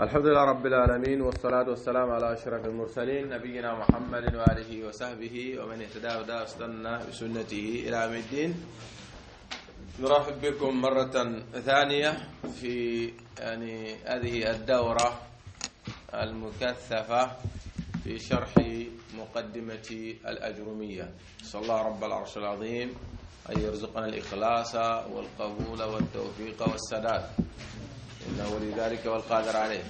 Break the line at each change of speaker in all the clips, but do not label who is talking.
الحمد لله رب العالمين والصلاة والسلام على أشرف المرسلين نبينا محمد وآله وصحبه ومن اهتدى ودا استنى بسنته إلى يوم الدين نرحب بكم مرة ثانية في يعني هذه الدورة المكثفة في شرح مقدمة الأجرمية صلى الله رب العرش العظيم أن يرزقنا الإخلاص والقبول والتوفيق والسداد إنه ولي ذلك والقادر عليه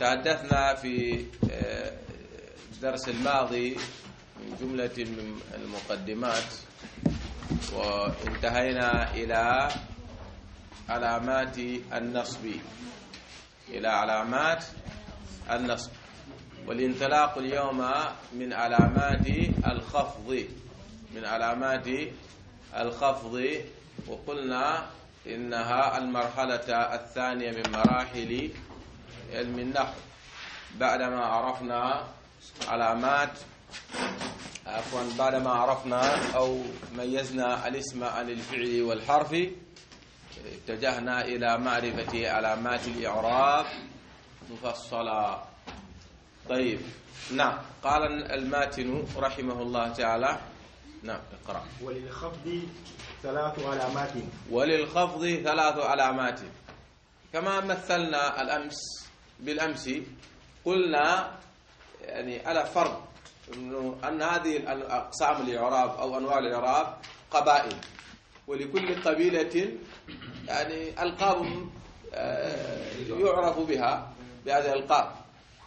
تحدثنا في الدرس آه، الماضي من جملة من المقدمات وانتهينا إلى علامات النصب إلى علامات النصب والانطلاق اليوم من علامات الخفض من علامات الخفض وقلنا إنها المرحلة الثانية من مراحل علم النحو بعدما عرفنا علامات عفوا بعدما عرفنا أو ميزنا الاسم عن الفعل والحرف اتجهنا إلى معرفة علامات الإعراب مفصلة طيب نعم قال الماتن رحمه الله تعالى نعم اقرأ وللخفض ثلاث علامات وللخفض ثلاث علامات كما مثلنا الأمس بالأمس قلنا يعني على فرض أن هذه الأقسام الإعراب أو أنواع الإعراب قبائل ولكل قبيلة يعني ألقاب آه، يعرف بها بهذه الألقاب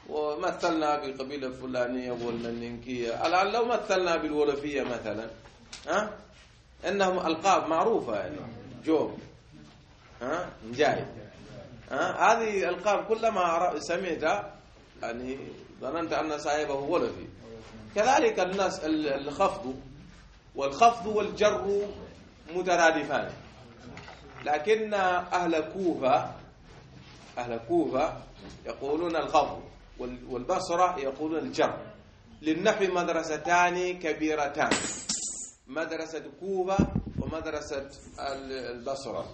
ومثلنا بالقبيلة الفلانية والمننكية الآن لو مثلنا بالورفية مثلا ها انهم القاب معروفه يعني جوب ها نجاي ها هذه القاب كلما سمعتها يعني ظننت ان صاحبه ولدي كذلك الناس الخفض والخفض والجر مترادفان لكن اهل كوفه اهل كوفه يقولون الخفض والبصره يقولون الجر للنحو مدرستان كبيرتان مدرسة كوفة ومدرسة البصرة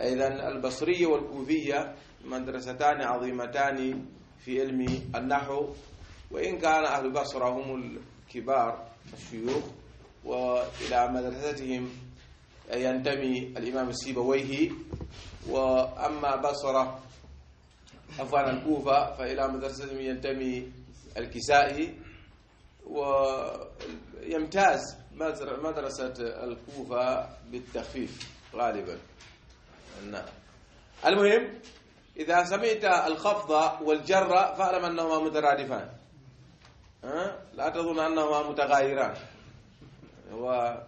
إذا البصرية والكوفية مدرستان عظيمتان في علم النحو وإن كان أهل البصرة هم الكبار الشيوخ وإلى مدرستهم ينتمي الإمام السيبويه وأما بصرة عفوا الكوفة فإلى مدرستهم ينتمي الكسائي ويمتاز مدرسة الكوفة بالتخفيف غالبا نعم المهم إذا سمعت الخفض والجر فاعلم أنهما مترادفان لا تظن أنهما متغايران هو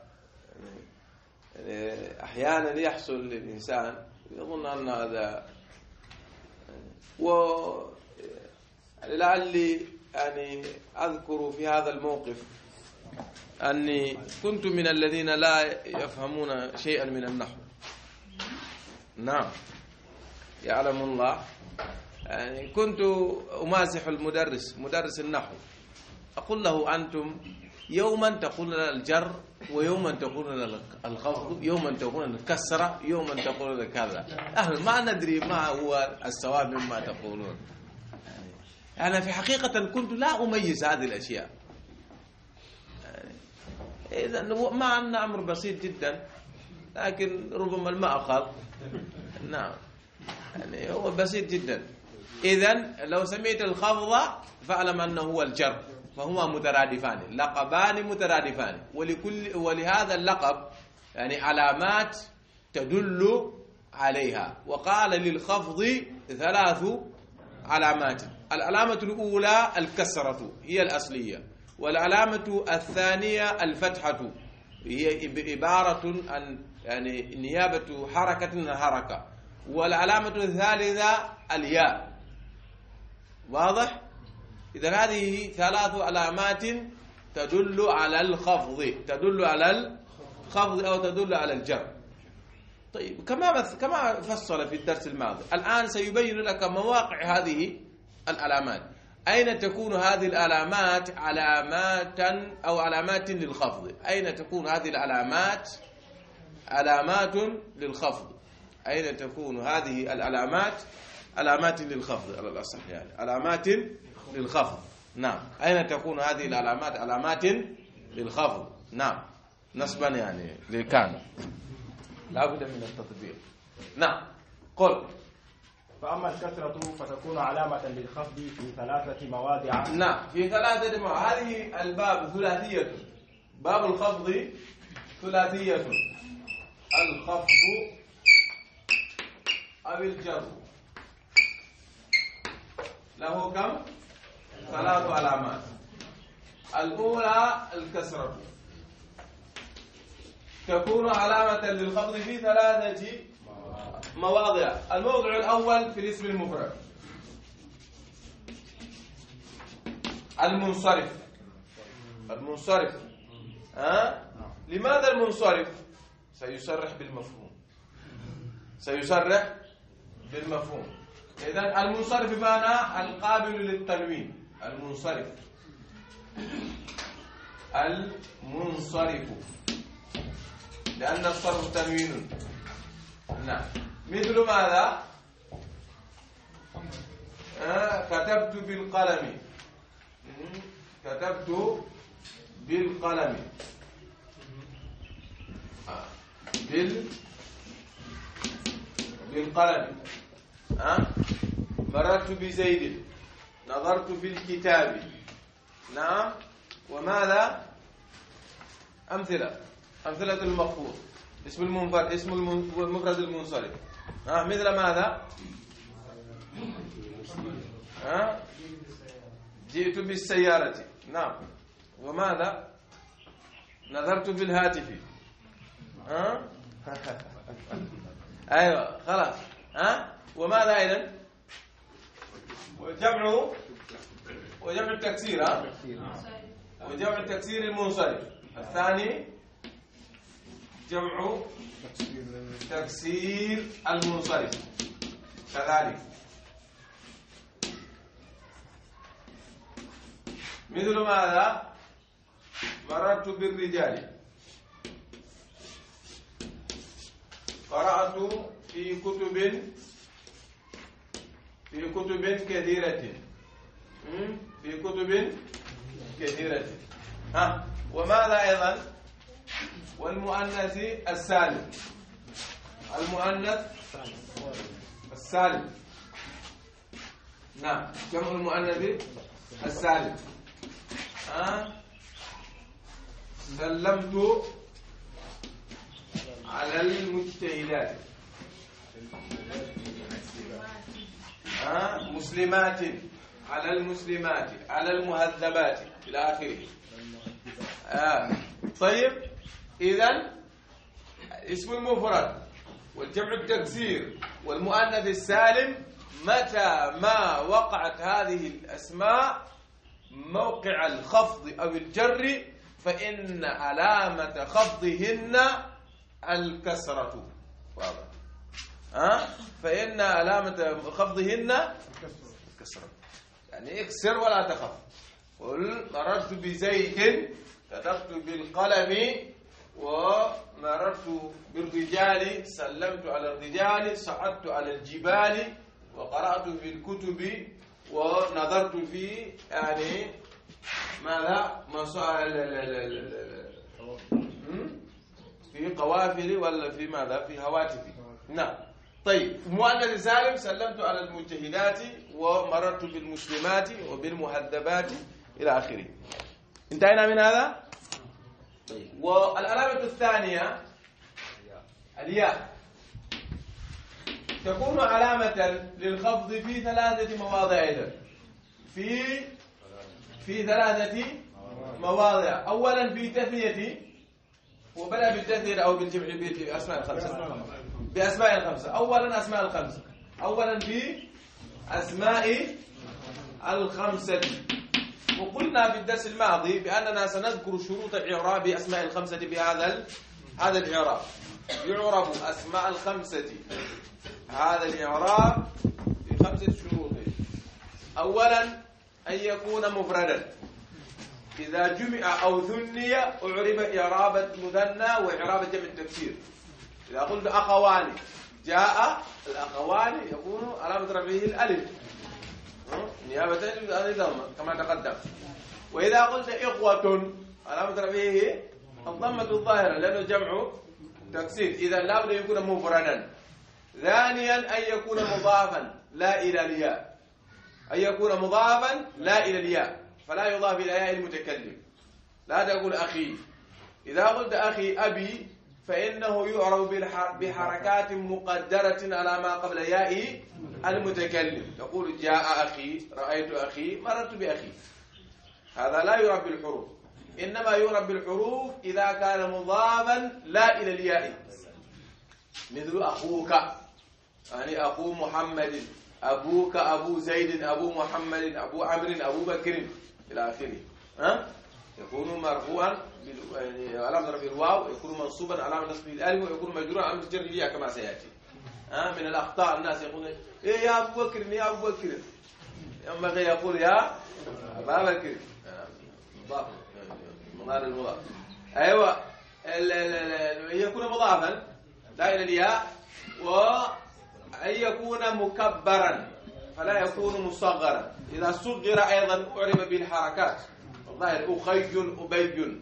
يعني أحيانا يحصل للإنسان يظن أن هذا و لعلي يعني أذكر في هذا الموقف أني كنت من الذين لا يفهمون شيئا من النحو نعم يعلم الله يعني كنت أمازح المدرس مدرس النحو أقول له أنتم يوما تقول لنا الجر ويوما تقول لنا الخفض يوما تقول لنا الكسرة يوما تقول لنا كذا أهل ما ندري ما هو الصواب مما تقولون يعني أنا في حقيقة كنت لا أميز هذه الأشياء إذا ما عندنا أمر بسيط جدا لكن ربما المأخذ نعم يعني هو بسيط جدا إذا لو سميت الخفض فاعلم أنه هو الجر فهما مترادفان لقبان مترادفان ولكل ولهذا اللقب يعني علامات تدل عليها وقال للخفض ثلاث علامات العلامة الأولى الكسرة هي الأصلية والعلامة الثانية الفتحة هي عبارة عن يعني نيابة حركة حركة والعلامة الثالثة الياء واضح؟ إذا هذه ثلاث علامات تدل على الخفض تدل على الخفض أو تدل على الجر طيب كما كما فصل في الدرس الماضي الآن سيبين لك مواقع هذه العلامات أين تكون هذه العلامات علامات أو علامات للخفض أين تكون هذه العلامات علامات للخفض أين تكون هذه العلامات علامات للخفض على الأصح يعني علامات للخفض نعم أين تكون هذه العلامات علامات للخفض نعم نسبا يعني لكان لا بد من التطبيق نعم قل فأما الكثرة فتكون علامة للخفض في ثلاثة مواضع نعم في ثلاثة مواضع هذه الباب ثلاثية باب الخفض ثلاثية الخفض أو الجر له كم؟ ثلاث علامات الأولى الكسرة تكون علامة للخفض في ثلاثة مواضع الموضع الأول في الاسم المفرد المنصرف المنصرف ها؟ لماذا المنصرف سيصرح بالمفهوم سيصرح بالمفهوم إذا المنصرف بمعنى القابل للتنوين المنصرف المنصرف لأن الصرف تنوين نعم مثل ماذا آه كتبت بالقلم كتبت بالقلم آه. بال بالقلم آه. مررت بزيد نظرت في الكتاب نعم وماذا أمثلة أمثلة المفروض اسم المنفرد اسم المفرد المنصرف ها مثل ماذا؟ ها جئت بالسيارة نعم وماذا؟ نظرت في الهاتف ها ايوه خلاص ها وماذا ايضا؟ وجمع وجمع التكسير ها؟ وجمع التكسير المنصرف الثاني جمع تفسير المنصرف كذلك مثل ماذا مررت بالرجال قرأت في كتب في كتب كثيرة في كتب كثيرة ها وماذا أيضا والمؤنث السالم المؤنث السالم نعم جمع المؤنث السالم ها سلمت على المجتهدات ها مسلمات على المسلمات على المهذبات إلى آخره آه. طيب إذا اسم المفرد والجمع التكسير والمؤنث السالم متى ما وقعت هذه الأسماء موقع الخفض أو الجر فإن علامة خفضهن الكسرة واضح أه؟ فإن علامة خفضهن الكسرة يعني اكسر ولا تخف قل مررت بزيت كتبت بالقلم ومررت بالرجال سلمت على الرجال صعدت على الجبال وقرأت في الكتب ونظرت في يعني ماذا مسائل في قوافل ولا في ماذا في هواتف نعم طيب مؤنث سالم سلمت على المجتهدات ومررت بالمسلمات وبالمهذبات الى اخره انتهينا من هذا طيب. والعلامة الثانية الياء تكون علامة للخفض في ثلاثة مواضع إذن في في ثلاثة مواضع أولا في تثنية وبدأ بالتثنية أو بالجمع بأسماء الخمسة بأسماء الخمسة أولا أسماء الخمسة أولا في أسماء الخمسة وقلنا في الدرس الماضي بأننا سنذكر شروط إعراب أسماء الخمسة بهذا هذا الإعراب يعرب أسماء الخمسة هذا الإعراب بخمسة شروط أولا أن يكون مفردا إذا جمع أو ثني أعرب إعراب المثنى وإعراب جمع التكسير إذا قلت أخوان جاء الأخوان يكون علامة رفعه الألف نيابة عن الضمة كما تقدم وإذا قلت إخوة علامة رفعه الضمة الظاهرة لأنه جمع تكسير إذا لابد يكون مفردا ثانيا أن يكون مضافا لا إلى الياء أن يكون مضافا لا إلى الياء فلا يضاف إلى ياء المتكلم لا تقول أخي إذا قلت أخي أبي فإنه يعرف بحركات مقدرة على ما قبل ياء المتكلم تقول جاء أخي رأيت أخي مررت بأخي هذا لا يعرف بالحروف إنما يعرف بالحروف إذا كان مضافا لا إلى الياء مثل أخوك يعني أخو محمد أبوك أبو زيد أبو محمد أبو عمرو أبو بكر إلى آخره ها يكون مرفوعا يعني علامة رفعه الواو يكون منصوبا علامة نصبه الالف ويكون مجرورا علامة جره الياء كما سياتي آه من الاخطاء الناس يقولون إيه يا ابو بكر يا ابو بكر ينبغي يقول يا ابا بكر مضاف مضارع المضاف ايوه يكون مضافا دائما الياء وان يكون مكبرا فلا يكون مصغرا اذا صغر ايضا اعرب بالحركات الظاهر اخي ابي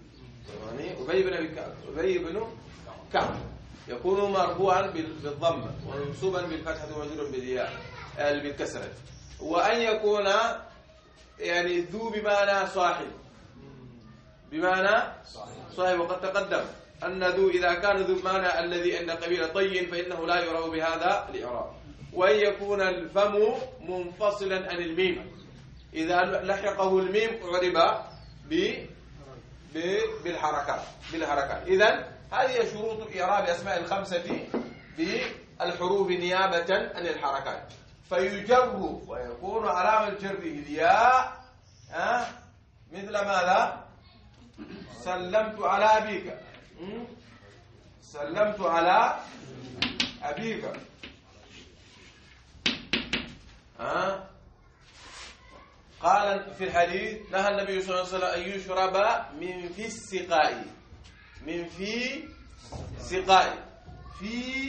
يعني أبي بن أبي كعب أبي بن كعب يكون مرفوعا بالضمة ومنصوبا بالفتحة ومجرورا بالياء آه، بالكسرة وأن يكون يعني ذو بمعنى صاحب بمعنى صاحب وقد تقدم أن ذو إذا كان ذو بمعنى الذي عند قبيل طي فإنه لا يرى بهذا الإعراب وأن يكون الفم منفصلا عن الميم إذا لحقه الميم عرب بالحركات بالحركات إذا هذه شروط إعراب أسماء الخمسة بالحروف نيابة عن الحركات فيجر ويكون علامة جره الياء أه؟ مثل ماذا سلمت على أبيك سلمت على أبيك أه؟ قال في الحديث نهى النبي صلى الله عليه وسلم أن يشرب من في السقاء من في سقاء في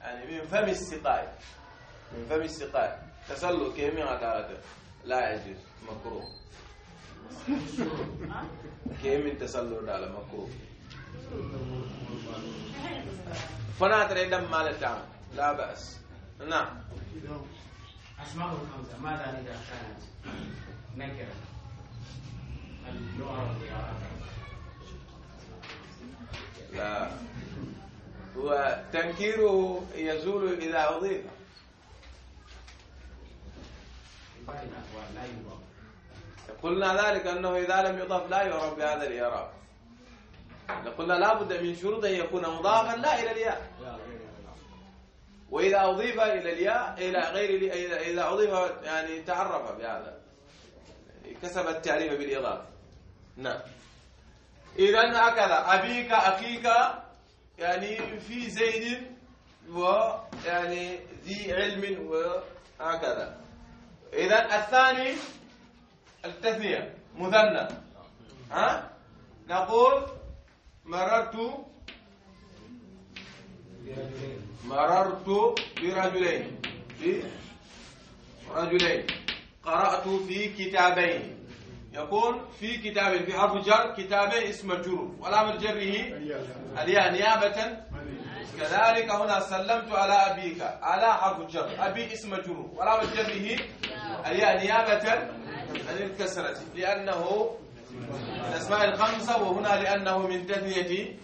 يعني من فم السقاء من فم السقاء تسلل كيمي عطارته لا يجوز مكروه كيمي تسلل على مكروه فناتر دم مال لا بأس نعم أسماء الخمسة ماذا إذا كانت نكرة هو تنكيره يزول إذا أضيف قلنا ذلك أنه إذا لم يضاف لا يعرف بهذا الإعراب قلنا لابد من شروط أن يكون مضافا لا إلى الياء وإذا أضيف إلى الياء إلى غير إذا أضيف يعني تعرف بهذا كسب التعريف بالإضافة نعم إذا هكذا أبيك أخيك يعني في زيد يعني ذي علم وهكذا إذا الثاني التثنية مثنى ها نقول مررت مررت برجلين برجلين قرأت في كتابين يكون في كتاب في حرف جر كتابين اسم مجرور من جره الياء نيابه كذلك هنا سلمت على ابيك على حرف جر ابي اسم مجرور من جره الياء نيابه عن الكسره لانه الاسماء الخمسه وهنا لانه من تثنيه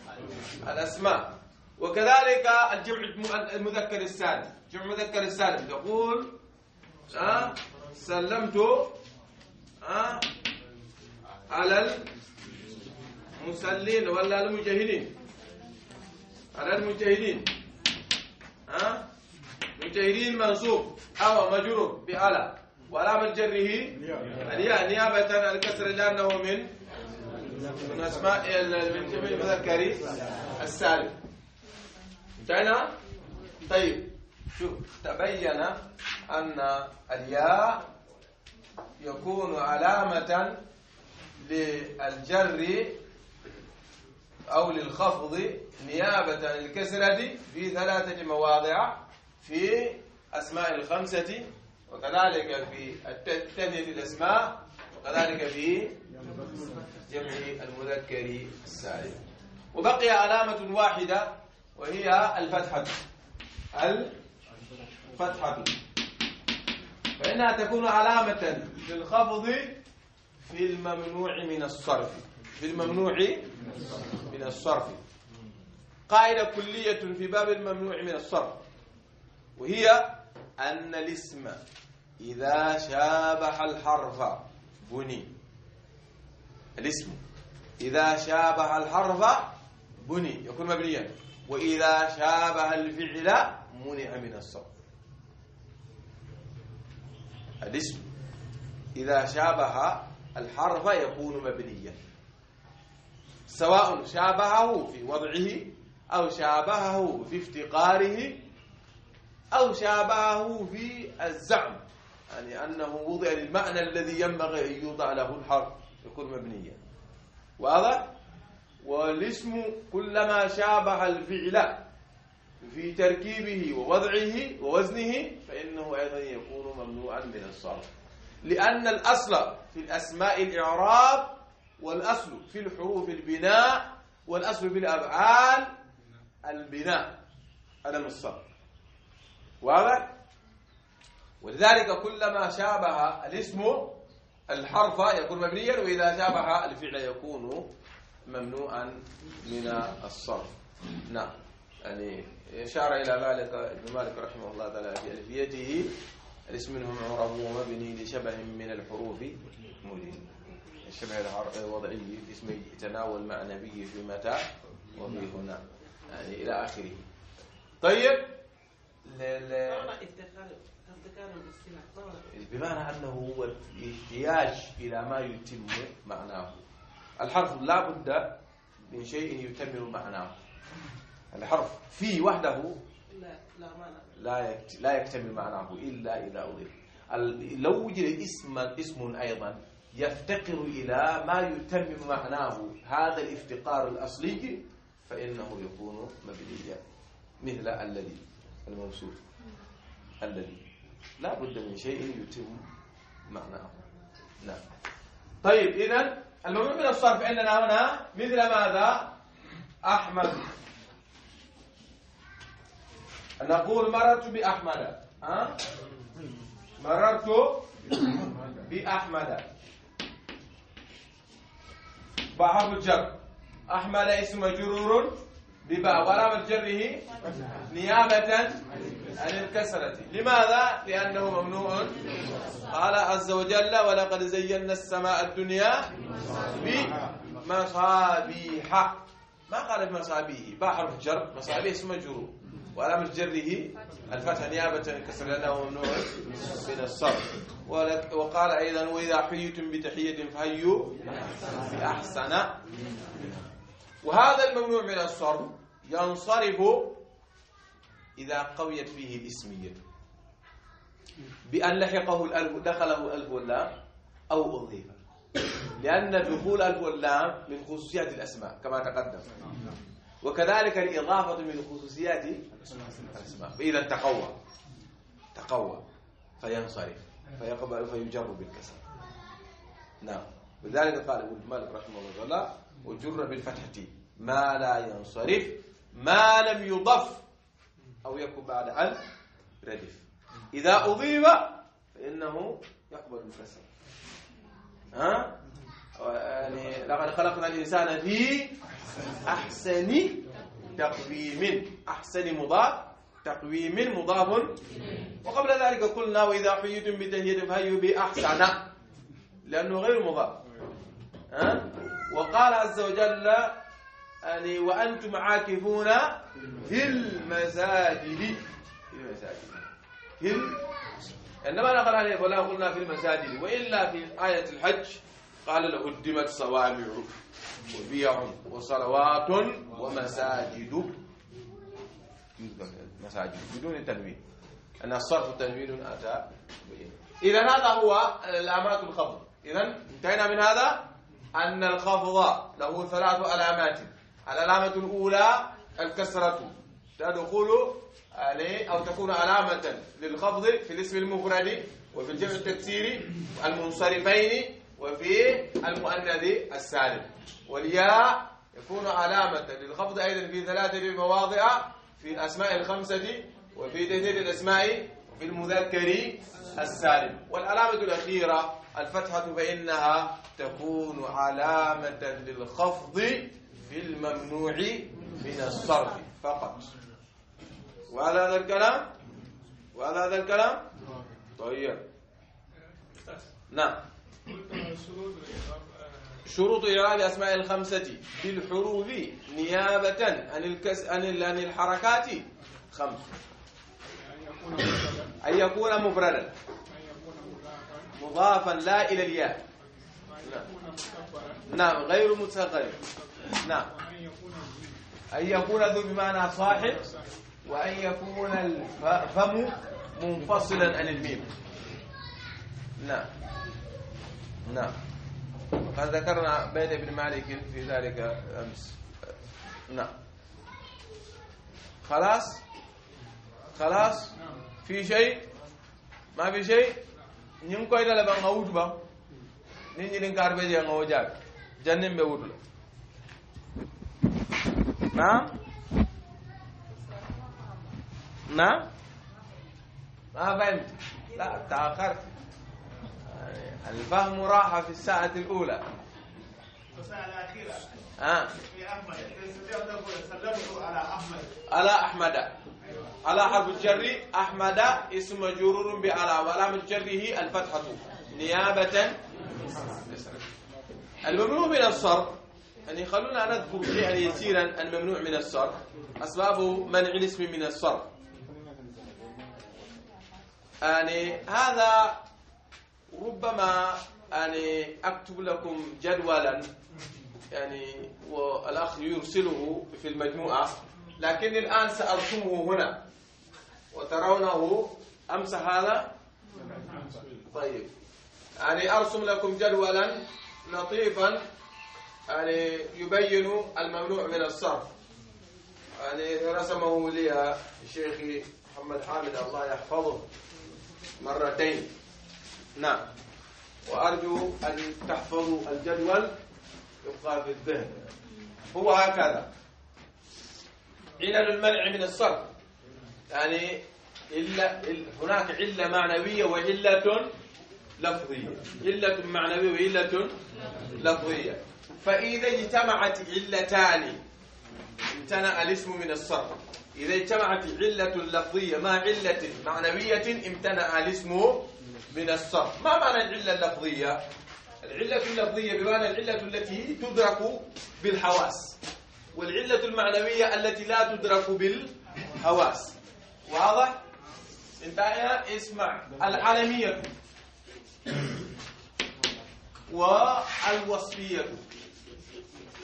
الاسماء وكذلك الجمع المذكر السالم جمع المذكر السالم يقول أه سلمت آه، على المسلين ولا المجاهدين على المجاهدين ها آه، مجاهدين منصوب أو مجرور بألا من جره الياء نيابة عن الكسر لأنه من من أسماء المذكر السالم انتهينا طيب شوف تبين أن الياء يكون علامة للجر أو للخفض نيابة عن الكسرة في ثلاثة مواضع في أسماء الخمسة وكذلك في التثنية الأسماء وكذلك في جمع المذكر السالم وبقي علامة واحدة وهي الفتحة الفتحة فإنها تكون علامة للخفض في الممنوع من الصرف في الممنوع من الصرف قاعدة كلية في باب الممنوع من الصرف وهي أن الاسم إذا شابه الحرف بني الاسم إذا شابه الحرف بني يكون مبنيا وإذا شابه الفعل منع من الصرف الاسم إذا شابه الحرف يكون مبنيا سواء شابهه في وضعه أو شابهه في افتقاره أو شابهه في الزعم يعني أنه وضع للمعنى الذي ينبغي أن يوضع له الحرف يكون مبنيا واضح والاسم كلما شابه الفعل في تركيبه ووضعه ووزنه فإنه أيضا يكون ممنوعا من الصرف لأن الأصل في الأسماء الإعراب والأصل في الحروف البناء والأصل في الأفعال البناء ألم الصرف واضح؟ ولذلك كلما شابه الاسم الحرف يكون مبنيا وإذا شابه الفعل يكون ممنوعا من الصرف نعم يعني أشار إلى ذلك ابن مالك رحمه الله تعالى في ألفيته الاسم منهم عرب ومبني لشبه من الحروف الشبه الوضعي في اسم تناول معنى به في متى وفي هنا يعني إلى آخره طيب بمعنى أنه هو الاحتياج إلى ما يتم معناه الحرف لا بد من شيء يتم معناه الحرف في وحده لا لا يكتمل معناه إلا إذا أضيف لو وجد اسم اسم أيضا يفتقر إلى ما يتمم معناه هذا الافتقار الأصلي فإنه يكون مبنيا مثل الذي الموصول الذي لا بد من شيء يتم معناه نعم طيب إذا الممنوع من الصرف عندنا هنا مثل ماذا أحمد نقول مررت بأحمد ها مررت بأحمد بحرف الجر أحمد اسم مجرور بباء ولام جره نيابة عن الكسرة لماذا؟ لأنه ممنوع قال عز وجل ولقد زينا السماء الدنيا بمصابيح ما قال بمصابيح بحرف الجر جر مصابيح اسم مجرور والأمر جره الفتح نيابة كسر لأنه ممنوع من الصرف وقال أيضا وإذا حييتم بتحية فهيوا بأحسن وهذا الممنوع من الصرف ينصرف إذا قويت فيه الإسمية بأن لحقه الألف دخله الألف واللام أو أضيفه لأن دخول الألف واللام من خصوصيات الأسماء كما تقدم وكذلك الإضافة من خصوصيات الأسماء إذا تقوى تقوى فينصرف فيقبل فيجر بالكسر نعم ولذلك قال ابن مالك رحمه الله تعالى وجر بالفتحة ما لا ينصرف ما لم يضف أو يكن بعد أن ردف إذا أضيف فإنه يقبل الكسر ها يعني لقد خلقنا الإنسان في أحسن تقويم أحسن مضاف تقويم مضاف وقبل ذلك قلنا وإذا حييتم بتهيئة فهيوا بأحسن لأنه غير مضاف ها وقال عز وجل يعني وأنتم عاكفون في المساجد في المساجد في المساجد عندما نقرأ عليه فلا قلنا في المساجد وإلا في آية الحج قال له هدمت صوامع وبيع وصلوات ومساجد مساجد بدون تنوين أن الصرف تنوين أتى إذا هذا هو العلامات الخفض إذا انتهينا من هذا أن الخفض له ثلاث علامات العلامة الأولى الكسرة تدخل عليه أو تكون علامة للخفض في الاسم المفرد وفي الجمع التكسيري المنصرفين وفي المؤنث السالم والياء يكون علامة للخفض أيضا في ثلاثة مواضع في الأسماء الخمسة وفي تهديد الأسماء وفي المذكر السالم والعلامة الأخيرة الفتحة فإنها تكون علامة للخفض في الممنوع من الصرف فقط وعلى هذا الكلام وعلى هذا الكلام طيب نعم شروط إعراب أسماء الخمسة بالحروف نيابة عن الكس عن الحركات خمس أن يكون مفردا مضافا لا إلى الياء نعم. نعم غير متصغر نعم أن يكون ذو بمعنى صاحب وأن يكون الفم منفصلا عن الميم نعم نعم وقد ذكرنا بيت ابن مالك في ذلك أمس نعم خلاص خلاص في شيء ما في شيء نيم كوي دالا با ماوت با نين ني لينكار بيجي نو جاك جنن بي ووتلو نعم نعم ما بنت لا تاخرت الفهم راح في الساعة الأولى الساعة الأخيرة ها آه. في أحمد على أحمد على أحمد أيوة. على حرف الجر أحمد اسم مجرور بعلى وعلامة جره الفتحة نيابة الممنوع من الصرف يعني خلونا نذكر شيئا يسيرا الممنوع من الصرف أسباب منع الاسم من الصرف يعني هذا ربما يعني أكتب لكم جدولا يعني والأخ يرسله في المجموعة لكن الآن سأرسمه هنا وترونه أمس هذا طيب يعني أرسم لكم جدولا لطيفا يعني يبين الممنوع من الصرف يعني رسمه لي شيخي محمد حامد الله يحفظه مرتين نعم وأرجو أن تحفظوا الجدول يبقى في الذهن هو هكذا علل المنع من الصرف يعني إلا هناك علة معنوية وعلة لفظية علة معنوية وعلة لفظية فإذا اجتمعت علتان امتنع الاسم من الصرف إذا اجتمعت علة لفظية مع علة معنوية امتنع الاسم من الصرف ما معنى العلة اللفظية؟ العلة اللفظية بمعنى العلة التي تدرك بالحواس والعلة المعنوية التي لا تدرك بالحواس واضح؟ انت اسمع العالمية والوصفية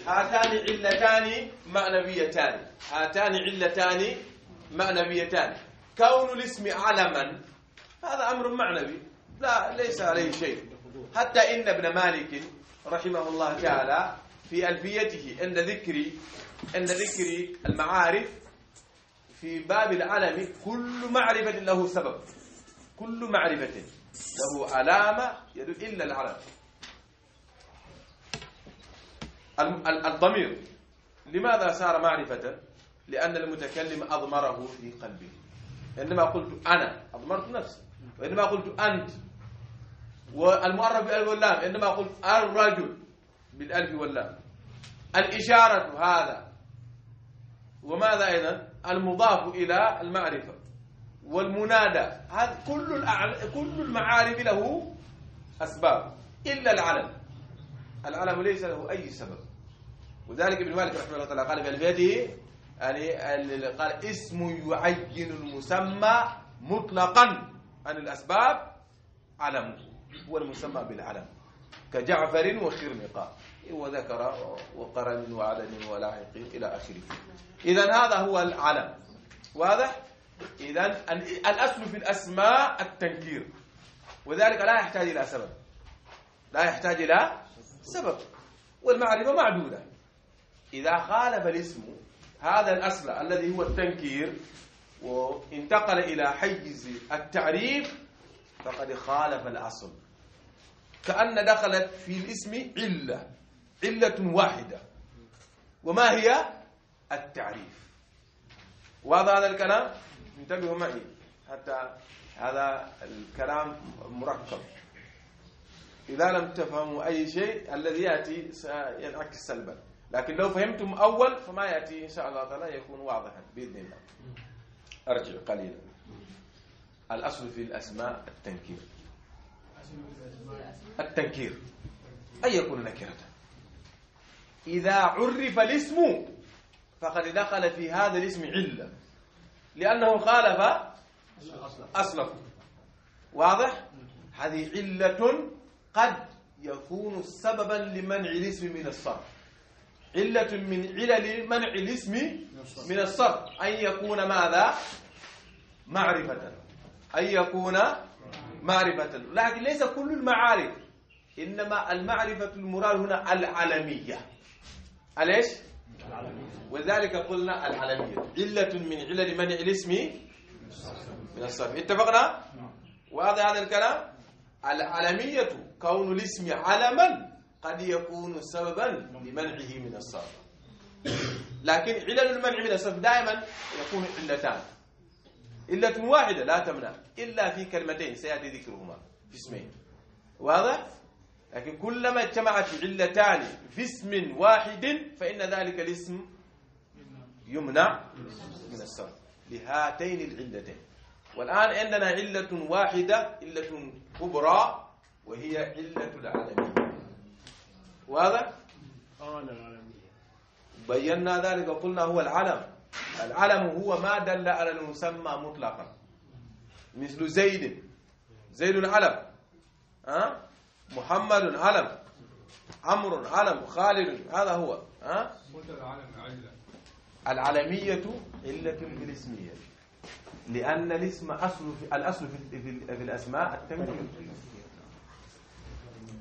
هاتان علتان معنويتان هاتان علتان معنويتان كون الاسم علما هذا أمر معنوي لا ليس عليه شيء حتى إن ابن مالك رحمه الله تعالى في ألفيته عند ذكر عند ذكر المعارف في باب العلم كل معرفة له سبب كل معرفة له علامة يدل إلا العلم الضمير لماذا صار معرفة لأن المتكلم أضمره في قلبه عندما قلت أنا أضمرت نفسي وإنما قلت أنت والمؤرف بالألف واللام إنما قلت الرجل بالألف واللام الإشارة هذا وماذا أيضا المضاف إلى المعرفة والمنادى هذا كل كل المعارف له أسباب إلا العلم العلم ليس له أي سبب وذلك ابن مالك رحمه الله تعالى قال في البيت يعني قال اسم يعين المسمى مطلقا عن الأسباب علم هو المسمى بالعلم كجعفر وخرنقة وذكر وقرن وعلن ولاحق إلى آخره إذا هذا هو العلم واضح؟ إذا الأصل في الأسماء التنكير وذلك لا يحتاج إلى سبب لا يحتاج إلى سبب والمعرفة معدودة إذا خالف الاسم هذا الأصل الذي هو التنكير وانتقل إلى حيز التعريف فقد خالف الأصل كأن دخلت في الاسم علة علة واحدة وما هي التعريف واضح هذا الكلام انتبهوا معي حتى هذا الكلام مركب إذا لم تفهموا أي شيء الذي يأتي سينعكس سلبا لكن لو فهمتم أول فما يأتي إن شاء الله تعالى يكون واضحا بإذن الله أرجع قليلا الأصل في الأسماء التنكير التنكير أن يكون نكرة إذا عرف الاسم فقد دخل في هذا الاسم علة لأنه خالف أصله واضح؟ هذه علة قد يكون سببا لمنع الاسم من الصرف علة من علل منع الاسم من الصرف أن يكون ماذا معرفة أن يكون معرفة لكن ليس كل المعارف إنما المعرفة المراد هنا العلمية أليش؟ وذلك قلنا العلمية علة من علل منع الاسم من الصرف اتفقنا؟ نعم. وهذا هذا الكلام؟ العلمية كون الاسم علما قد يكون سببا لمنعه من الصرف لكن علل المنع من الصرف دائما يكون علتان علة واحدة لا تمنع إلا في كلمتين سيأتي ذكرهما في اسمين واضح؟ لكن كلما اجتمعت علتان في اسم واحد فإن ذلك الاسم يمنع من الصرف لهاتين العلتين والآن عندنا علة واحدة علة كبرى وهي علة العالمين واضح؟ بينا ذلك وقلنا هو العلم العلم هو ما دل على المسمى مطلقا مثل زيد زيد علم ها محمد علم عمر علم خالد هذا هو ها العلمية علة الاسمية لأن الاسم أصل في الأصل في, في, في الأسماء التمييز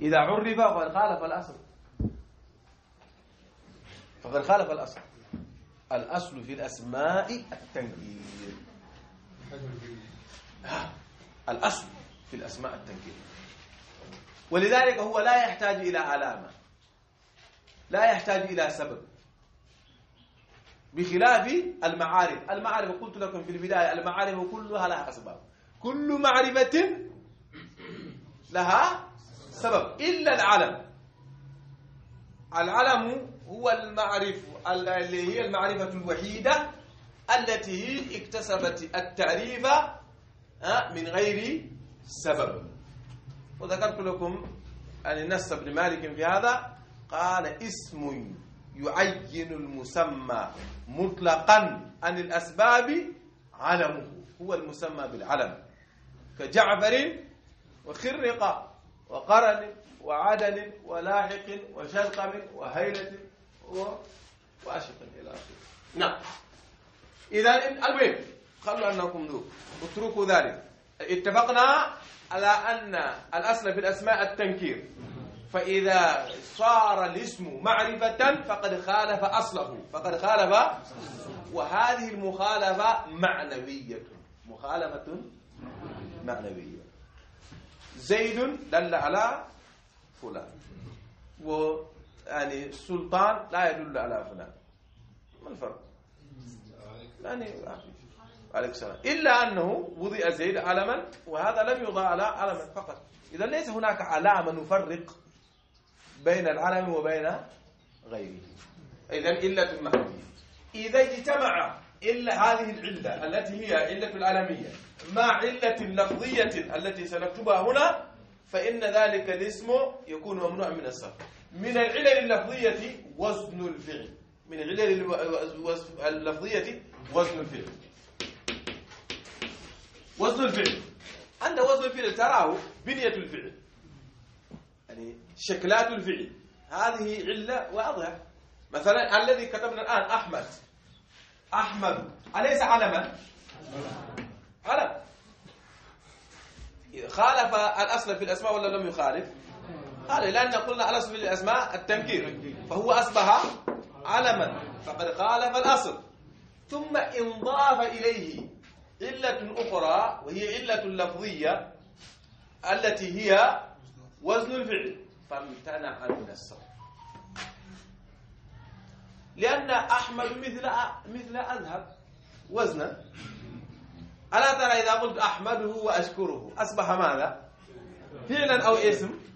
إذا عرف وقد خالف الأصل فقد خالف الأصل الأصل في الأسماء التنكير الأصل في الأسماء التنكير ولذلك هو لا يحتاج إلى علامة لا يحتاج إلى سبب بخلاف المعارف المعارف قلت لكم في البداية المعارف كلها لها أسباب كل معرفة لها سبب إلا العلم العلم هو المعرف اللي هي المعرفة الوحيدة التي اكتسبت التعريف من غير سبب وذكرت لكم أن النس بن مالك في هذا قال اسم يعين المسمى مطلقا عن الأسباب علمه هو المسمى بالعلم كجعفر وخرق وقرن وعدن ولاحق وشلقم وهيلة واشق الى اخره نعم اذا المهم خلوا انكم ذوق اتركوا ذلك اتفقنا على ان الاصل في الاسماء التنكير فاذا صار الاسم معرفه فقد خالف اصله فقد خالف وهذه المخالفه معنويه مخالفه معنويه زيد دل على فلان و يعني سلطان لا يدل على فلان ما الفرق؟ يعني عليك السلام إلا أنه وضع زيد علما وهذا لم يوضع على علما فقط إذا ليس هناك علامة نفرق بين العلم وبين غيره إذا إلا المحمية إذا اجتمع إلا هذه العلة التي هي علة العلمية مع علة لفظية التي سنكتبها هنا فإن ذلك الاسم يكون ممنوع من الصرف من العلل اللفظية وزن الفعل من العلل اللفظية وزن الفعل وزن الفعل عند وزن الفعل تراه بنية الفعل يعني شكلات الفعل هذه علة واضحة مثلا الذي كتبنا الآن أحمد أحمد أليس علما؟ علم خالف الأصل في الأسماء ولا لم يخالف؟ قال لأن قلنا على سبيل الأسماء التنكير فهو أصبح علما فقد قال فالأصل ثم انضاف إليه علة أخرى وهي علة لفظية التي هي وزن الفعل فامتنع من الصرف لأن أحمد مثل مثل أذهب وزنا ألا ترى إذا قلت أحمده وأشكره أصبح ماذا؟ فعلا أو اسم؟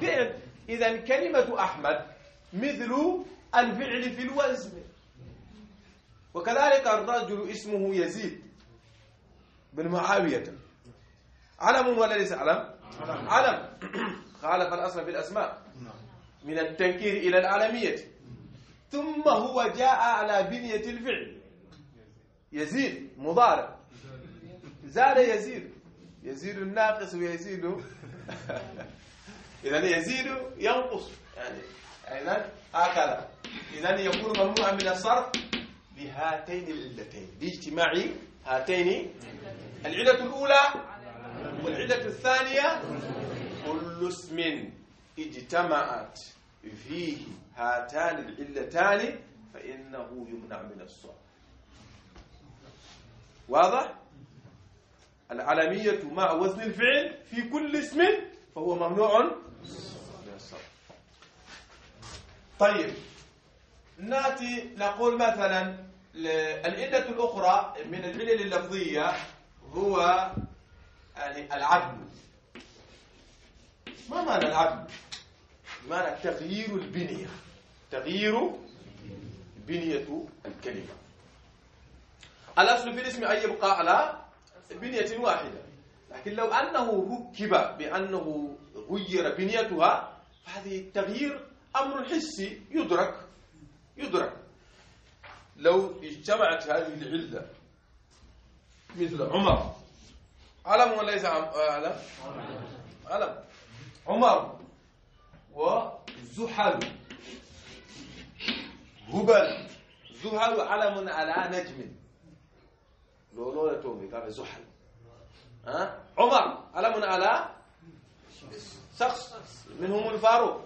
فعل إذا كلمة أحمد مثل الفعل في الوزن وكذلك الرجل اسمه يزيد بن معاوية علم ولا ليس علم؟ علم خالف الأصل في الأسماء نعم. من التنكير إلى العالمية ثم هو جاء على بنية الفعل يزيد مضارع زاد يزيد يزيد الناقص ويزيد إذا يزيد ينقص يعني إذا هكذا إذا يكون ممنوعا من الصرف بهاتين العلتين باجتماع هاتين العلة الأولى والعلة الثانية كل اسم اجتمعت فيه هاتان العلتان فإنه يمنع من الصرف واضح؟ العلمية مع وزن الفعل في كل اسم فهو ممنوع طيب ناتي نقول مثلا العلة الأخرى من العلل اللفظية هو يعني العدل ما معنى العدل؟ معنى تغيير البنية تغيير بنية الكلمة الأصل في الاسم أن يبقى على بنية واحدة لكن لو أنه ركب بأنه غير بنيتها فهذه التغيير أمر حسي يدرك يدرك لو اجتمعت هذه العلة مثل عمر علم وليس علم آه، علم عمر وزحل هبل زحل علم على نجم لو لو تومي كان زحل ها عمر علم على شخص منهم الفاروق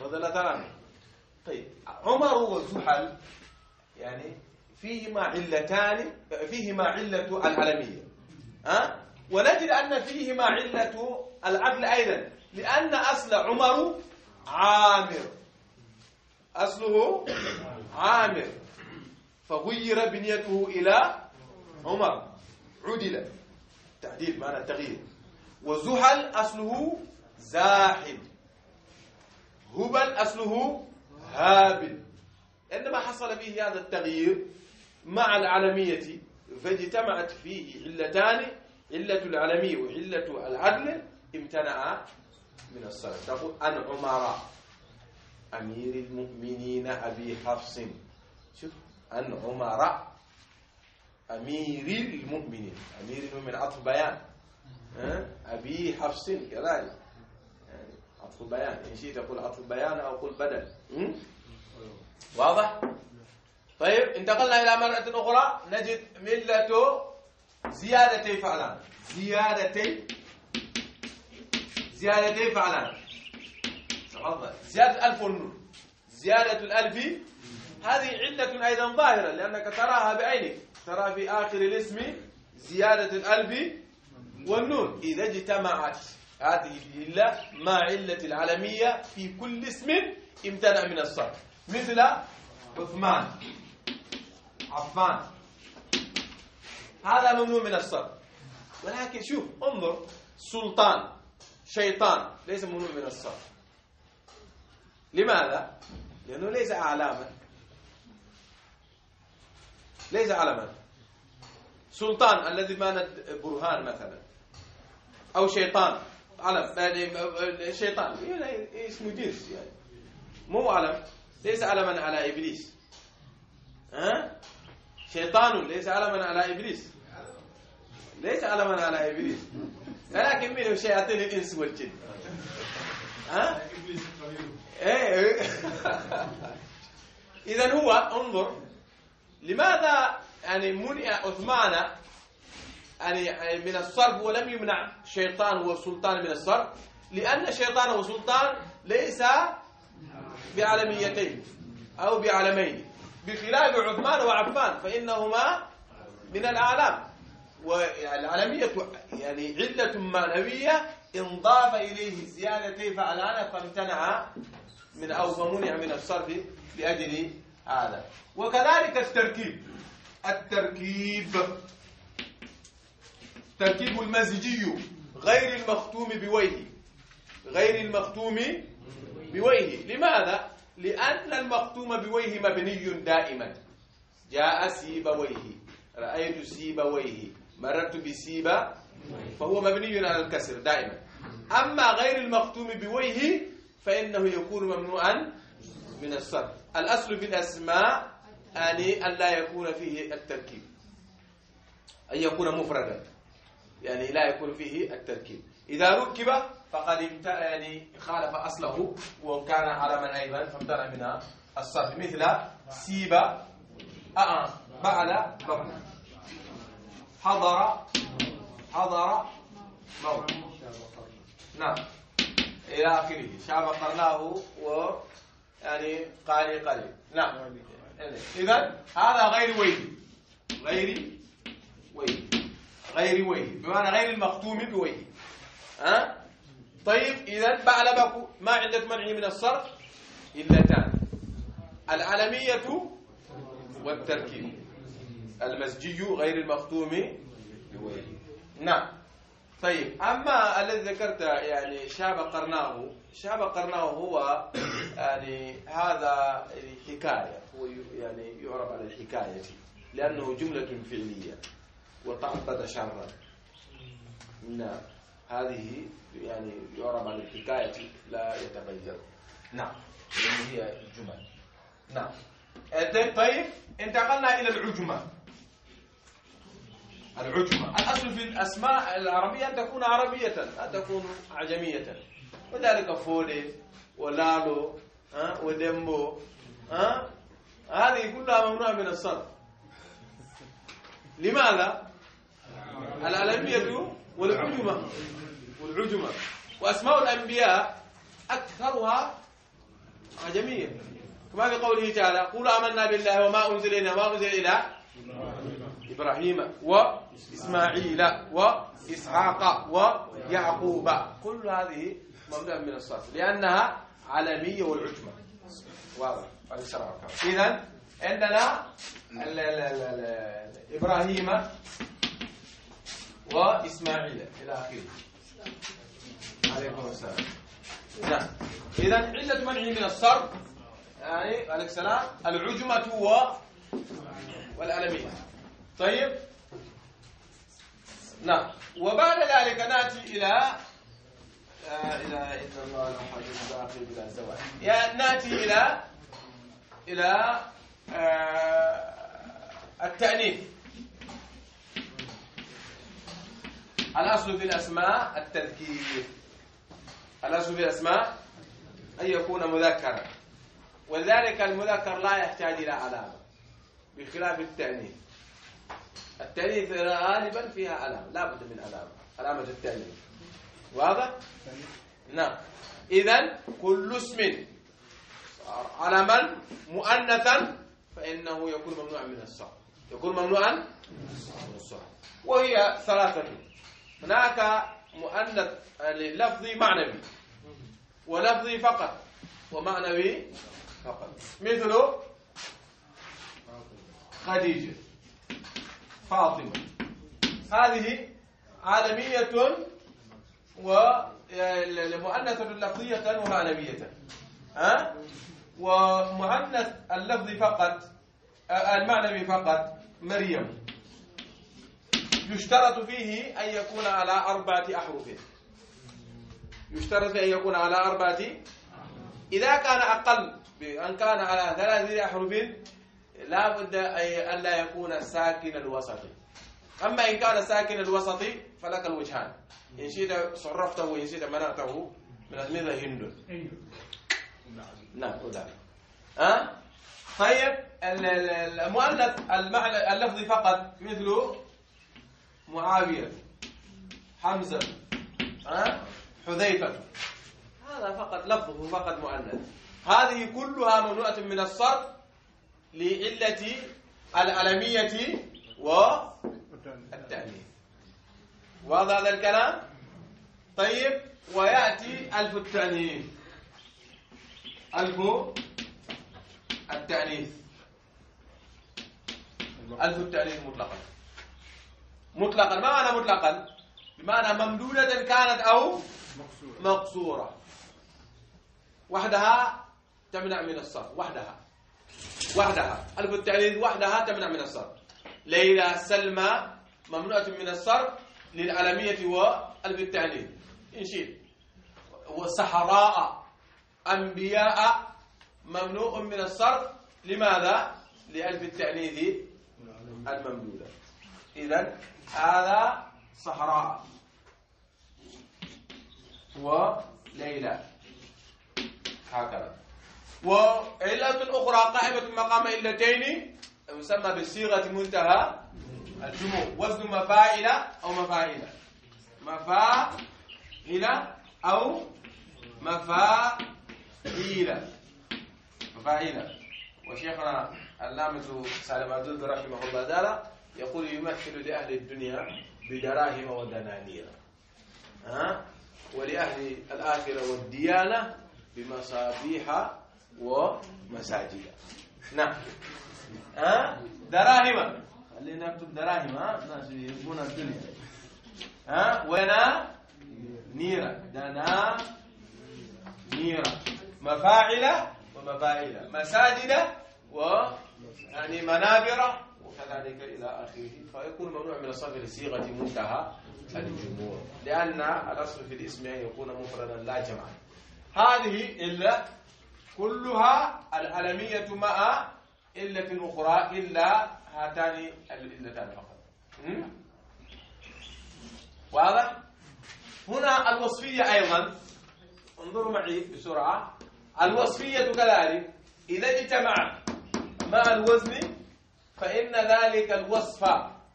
رضي الله تعالى طيب عمر وزحل يعني فيهما علتان فيهما علة العلمية أه؟ ونجد أن فيهما علة العدل أيضا لأن أصل عمر عامر أصله عامر فغير بنيته إلى عمر عدل تعديل معنى تغيير وزحل أصله زاحم هبل أصله هابل عندما حصل فيه هذا التغيير مع العالمية فاجتمعت فيه علتان علة العالمية وعلة العدل امتنع من الصلاة تقول أن عمر أمير المؤمنين أبي حفص شوف أن عمر أمير المؤمنين أمير المؤمنين عطف بيان أه؟ أبي حفص كذلك عطف بيان إن شئت قل عطف بيان أو قل بدل واضح؟ طيب انتقلنا إلى مرة أخرى نجد ملة زيادتي فعلان زيادتي زيادتي فعلان تفضل زيادة ألف والنون زيادة الألف هذه علة أيضا ظاهرة لأنك تراها بعينك ترى في آخر الاسم زيادة الألف والنون إذا اجتمعت هذه العلة ما علة العلمية في كل اسم امتنع من الصرف مثل عثمان عفان هذا ممنوع من الصرف ولكن شوف انظر سلطان شيطان ليس ممنوع من الصرف لماذا؟ لأنه ليس أعلاما ليس علما سلطان الذي ماند برهان مثلا أو شيطان علم يعني شيطان إيه، إيه، اسمه جنس يعني مو علم ليس علما على ابليس ها شيطان ليس علما على ابليس ليس علما على ابليس لكن منه شياطين الانس والجن ها ايه, إيه. اذا هو انظر لماذا يعني منع عثمان يعني،, يعني من الصرف ولم يمنع شيطان وسلطان من الصرف لأن شيطان وسلطان ليس بعلميتين أو بعلمين بخلاف عثمان وعفان فإنهما من الأعلام والعالمية يعني علة معنوية انضاف إليه زيادة فعلانة فامتنع من أو فمنع من الصرف لأجل هذا وكذلك التركيب التركيب تركيبه المزجي غير المختوم بويه غير المختوم بويه لماذا؟ لأن المختوم بويه مبني دائما جاء سيبويه رأيت سيبويه مررت بسيبا فهو مبني على الكسر دائما أما غير المختوم بويه فإنه يكون ممنوعا من الصرف الأصل في الأسماء أن لا يكون فيه التركيب أن يكون مفردا يعني لا يكون فيه التركيب إذا ركب فقد يعني خالف أصله وكان علما أيضا فامتنع من الصرف مثل سيب أأ بعد بعد حضر حضر موت نعم إلى آخره شاب قرناه و يعني قال قليل نعم إذا هذا غير ويدي غير ويدي غير وجه بمعنى غير المختوم بوجه ها طيب اذا بعلبك ما عندك منعه من الصرف إلتان العلمية والتركيب المسجي غير المختوم بوجه نعم طيب أما الذي ذكرت يعني شاب قرناه شاب قرناه هو يعني هذا حكاية هو يعني يعرف على الحكاية لأنه جملة فعلية وتعبد شرا نعم هذه يعني يعرب عن الحكاية لا يتغير نعم هي الجمل نعم آه، طيب،, طيب انتقلنا إلى العجمة العجمة الأصل في الأسماء العربية أن تكون عربية أن تكون عجمية وذلك فولي ولالو ها آه، ودمبو ها آه. هذه كلها ممنوعة من الصرف لماذا؟
الألمية
والعجمة والعجمة وأسماء الأنبياء أكثرها عجمية كما في قوله تعالى قولوا آمنا بالله وما أنزل إلينا وما أنزل إلى إبراهيم وإسماعيل وإسحاق ويعقوب كل هذه ممنوع من الصلاة لأنها عالمية والعجمة واضح إذن إذا عندنا إبراهيم وإسماعيل إلى آخره عليكم السلام نعم إذا علة منعه من الصرف يعني عليك السلام العجمة و والألمية طيب نعم وبعد ذلك نأتي إلى آه، لا إله إلا الله الأحد الباقي بلا زواج يعني نأتي إلى إلى آه، التأنيث الأصل في الأسماء التذكير الأصل في الأسماء أن يكون مذكرا وذلك المذكر لا يحتاج إلى علامة بخلاف التأنيث التأنيث غالبا فيها علامة لا بد من علامة علامة التأنيث واضح؟ نعم إذا كل اسم علما مؤنثا فإنه يكون ممنوعا من الصرف يكون ممنوعا
من الصرف
وهي ثلاثة هناك مؤنث يعني لفظي معنوي ولفظي فقط ومعنوي فقط مثل خديجة فاطمة هذه عالمية و يعني مؤنثة لفظية ومعنوية ها ومؤنث اللفظ فقط المعنوي فقط مريم يشترط فيه أن يكون على أربعة أحرف يشترط فيه أن يكون على أربعة إذا كان أقل أن كان على ثلاثة أحرف لا بد أن لا يكون ساكن الوسط أما إن كان ساكن الوسط فلك الوجهان إن شئت صرفته وإن شئت منعته من أدمير هند نعم أه؟ طيب المؤلف المعنى اللفظي فقط مثل معاوية حمزة حذيفة هذا فقط لفظه فقط مؤنث هذه كلها ممنوعة من الصرف لعلة الألمية والتأنيث واضح هذا الكلام؟ طيب ويأتي ألف التأنيث ألف التأنيث ألف التأنيث مطلقا مطلقا ما معنى مطلقا بمعنى ممدودة كانت أو مقصورة وحدها تمنع من الصرف وحدها وحدها ألف التعليل وحدها تمنع من الصرف ليلى سلمى ممنوعة من الصرف للعلمية وألف التعليل إن شئت وسحراء أنبياء ممنوع من الصرف لماذا؟ لألف التعليل الممدودة إذا هذا صحراء وليلى هكذا وعلة أخرى قائمة مقام علتين يسمى بصيغة منتهى الجموع وزن مفاعل أو مفاعل مفاعل أو مفاعيل مفاعيل وشيخنا اللامة سالم عبد رحمه الله تعالى يقول يمثل لأهل الدنيا بدراهم ودنانير ها ولأهل الآخرة والديانة بمصابيح ومساجد نعم ها دراهم خلينا نكتب دراهم ها الناس يبون الدنيا ها نيرة دنا نيرة مفاعلة ومفاعلة مساجد و يعني منابر وكذلك إلى آخره فيكون ممنوع من الصرف لصيغة منتهى الجمهور لأن الأصل في الاسم أن يكون مفردا لا جمعا هذه إلا كلها الألمية مع الا في الاخرى إلا هاتان الإلتان فقط واضح؟ هنا الوصفية أيضا انظروا معي بسرعة الوصفية كذلك إذا اجتمع مع الوزن فإن ذلك الوصف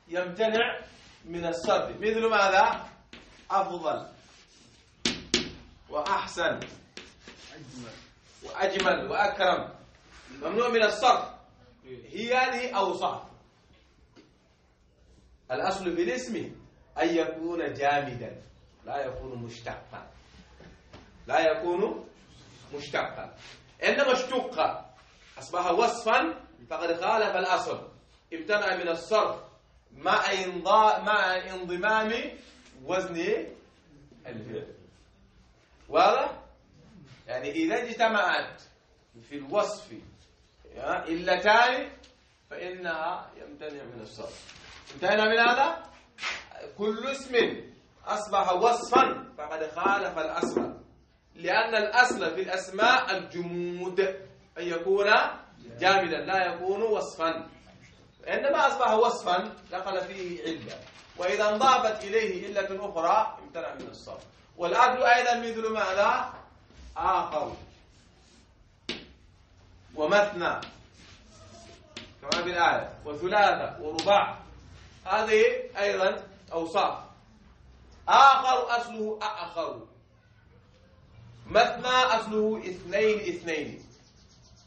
يمتنع من الصرف مثل ماذا أفضل وأحسن وأجمل وأكرم ممنوع من الصرف هي هذه أوصاف الأصل في الاسم أن يكون جامدا لا يكون مشتقا لا يكون مشتقا عندما اشتق أصبح وصفا فقد خالف الأصل ابتدا من الصرف مع مع انضمام وزن الفعل واضح؟ يعني إذا اجتمعت في الوصف علتان فإنها يمتنع من الصرف انتهينا من هذا؟ كل اسم أصبح وصفا فقد خالف الأصل لأن الأصل في الأسماء الجمود أن يكون جامدا لا يكون وصفا عندما أصبح وصفا دخل فيه علة وإذا انضافت إليه علة أخرى امتنع من الصرف والعدل أيضا مثل ماذا آخر ومثنى كما في الآية وثلاثة ورباع هذه أيضا أوصاف آخر أصله أخر مثنى أصله اثنين اثنين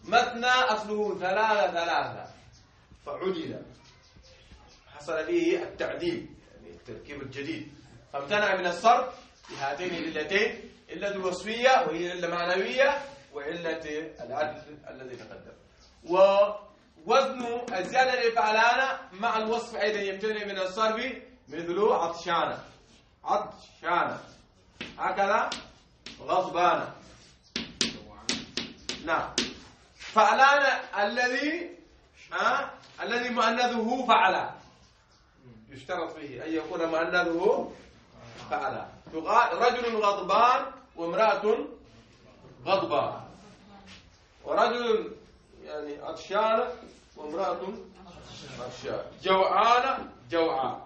مثنى أصله ثلاثة ثلاثة فعدل حصل به التعديل يعني التركيب الجديد فامتنع من الصرف بهاتين العلتين علة الوصفية وهي علة معنوية وعلة العدل الذي تقدم ووزن الزيادة الفعلانة مع الوصف أيضا يمتنع من الصرف مثل عطشانة عطشانة هكذا غضبانة نعم فعلان الذي ها الذي مؤنثه فعل يشترط فيه أن يكون مؤنثه فعل يقال رجل غضبان وامرأة غضبان ورجل يعني عطشان وامرأة عطشان جوعان جوعان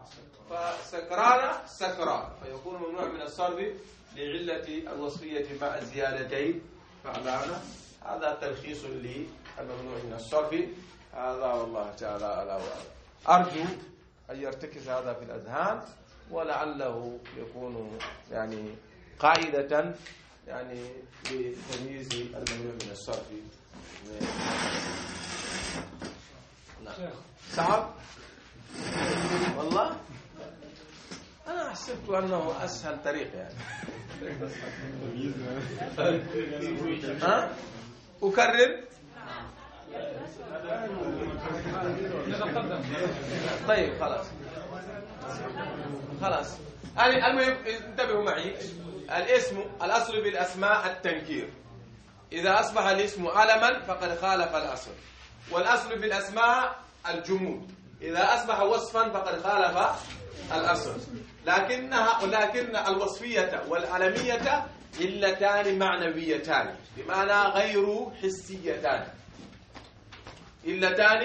فسكران سكران فيكون ممنوع من الصرف لعلة الوصفية مع الزيادتين فعلان هذا تلخيص للممنوع من الصرف هذا والله تعالى على أرجو أن يرتكز هذا في الأذهان ولعله يكون يعني قاعدة يعني لتمييز الممنوع من الصرف نعم صعب والله أنا حسبت أنه أسهل طريق يعني ها؟ أكرر طيب خلاص خلاص المهم انتبهوا معي الاسم الأصل بالأسماء التنكير إذا أصبح الاسم علما فقد خالف الأصل والأصل بالأسماء الجمود إذا أصبح وصفا فقد خالف الأصل لكنها لكن الوصفية والعلمية علتان معنويتان بمعنى غير حسيتان علتان